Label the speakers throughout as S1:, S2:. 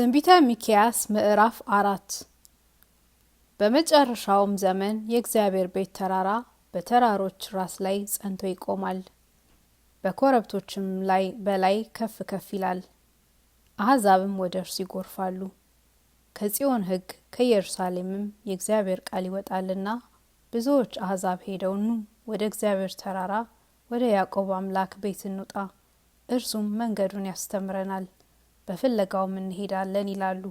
S1: ትንቢተ ሚክያስ ምዕራፍ አራት በመጨረሻውም ዘመን የእግዚአብሔር ቤት ተራራ በተራሮች ራስ ላይ ጸንቶ ይቆማል፣ በኮረብቶችም ላይ በላይ ከፍ ከፍ ይላል። አሕዛብም ወደ እርሱ ይጎርፋሉ። ከጽዮን ሕግ ከኢየሩሳሌምም የእግዚአብሔር ቃል ይወጣልና ብዙዎች አሕዛብ ሄደውኑ ወደ እግዚአብሔር ተራራ ወደ ያዕቆብ አምላክ ቤት እንውጣ፣ እርሱም መንገዱን ያስተምረናል በፍለጋውም እንሄዳለን ይላሉ።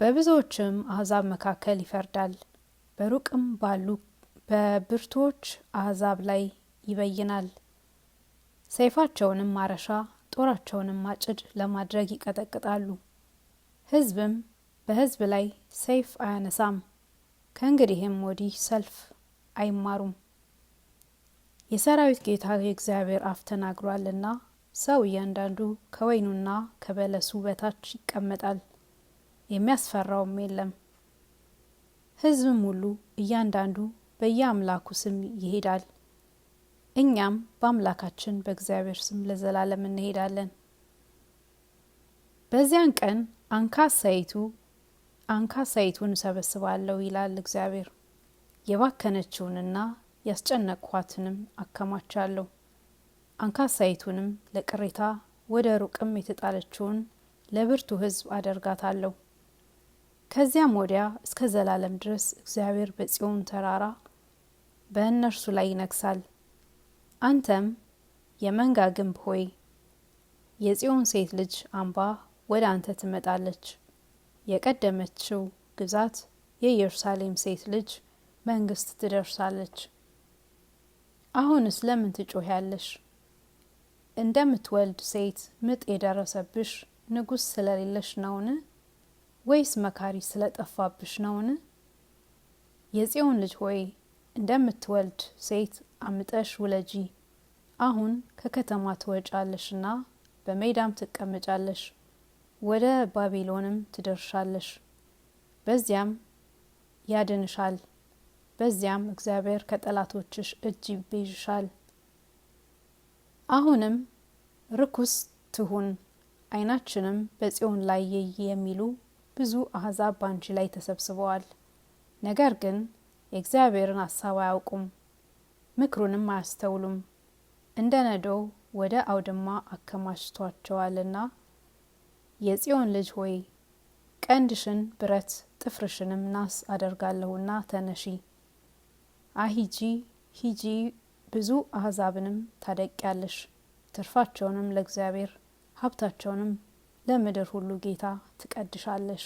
S1: በብዙዎችም አሕዛብ መካከል ይፈርዳል፣ በሩቅም ባሉ በብርቶች አሕዛብ ላይ ይበይናል። ሰይፋቸውንም ማረሻ ጦራቸውንም ማጭድ ለማድረግ ይቀጠቅጣሉ። ሕዝብም በሕዝብ ላይ ሰይፍ አያነሳም፣ ከእንግዲህም ወዲህ ሰልፍ አይማሩም። የሰራዊት ጌታ የእግዚአብሔር አፍ ተናግሯልና ሰው እያንዳንዱ ከወይኑና ከበለሱ በታች ይቀመጣል፣ የሚያስፈራውም የለም። ሕዝብም ሁሉ እያንዳንዱ በየአምላኩ ስም ይሄዳል፣ እኛም በአምላካችን በእግዚአብሔር ስም ለዘላለም እንሄዳለን። በዚያን ቀን አንካሳይቱ አንካሳይቱን እሰበስባለሁ ይላል እግዚአብሔር፣ የባከነችውንና ያስጨነቅኋትንም አከማቻለሁ አንካሳይቱንም ለቅሬታ ወደ ሩቅም የተጣለችውን ለብርቱ ሕዝብ አደርጋታለሁ። ከዚያም ወዲያ እስከ ዘላለም ድረስ እግዚአብሔር በጽዮን ተራራ በእነርሱ ላይ ይነግሳል። አንተም የመንጋ ግንብ ሆይ የጽዮን ሴት ልጅ አምባ ወደ አንተ ትመጣለች። የቀደመችው ግዛት የኢየሩሳሌም ሴት ልጅ መንግስት ትደርሳለች። አሁንስ ለምን ትጮህ ያለሽ? እንደምትወልድ ሴት ምጥ የደረሰብሽ ንጉስ ስለሌለሽ ነውን? ወይስ መካሪ ስለጠፋብሽ ነውን? የጽዮን ልጅ ሆይ እንደምትወልድ ሴት አምጠሽ ውለጂ። አሁን ከከተማ ትወጫለሽና በሜዳም ትቀመጫለሽ፣ ወደ ባቢሎንም ትደርሻለሽ። በዚያም ያድንሻል፣ በዚያም እግዚአብሔር ከጠላቶችሽ እጅ ይቤዥሻል። አሁንም ርኩስ ትሁን አይናችንም በጽዮን ላይ የይ የሚሉ ብዙ አሕዛብ ባንቺ ላይ ተሰብስበዋል። ነገር ግን የእግዚአብሔርን ሐሳብ አያውቁም፣ ምክሩንም አያስተውሉም። እንደ ነዶው ወደ አውድማ አከማችቷቸዋልና። የጽዮን ልጅ ሆይ ቀንድሽን ብረት ጥፍርሽንም ናስ አደርጋለሁና ተነሺ፣ አሂጂ ሂጂ ብዙ አህዛብንም ታደቅያለሽ። ትርፋቸውንም ለእግዚአብሔር ሀብታቸውንም ለምድር ሁሉ ጌታ ትቀድሻለሽ።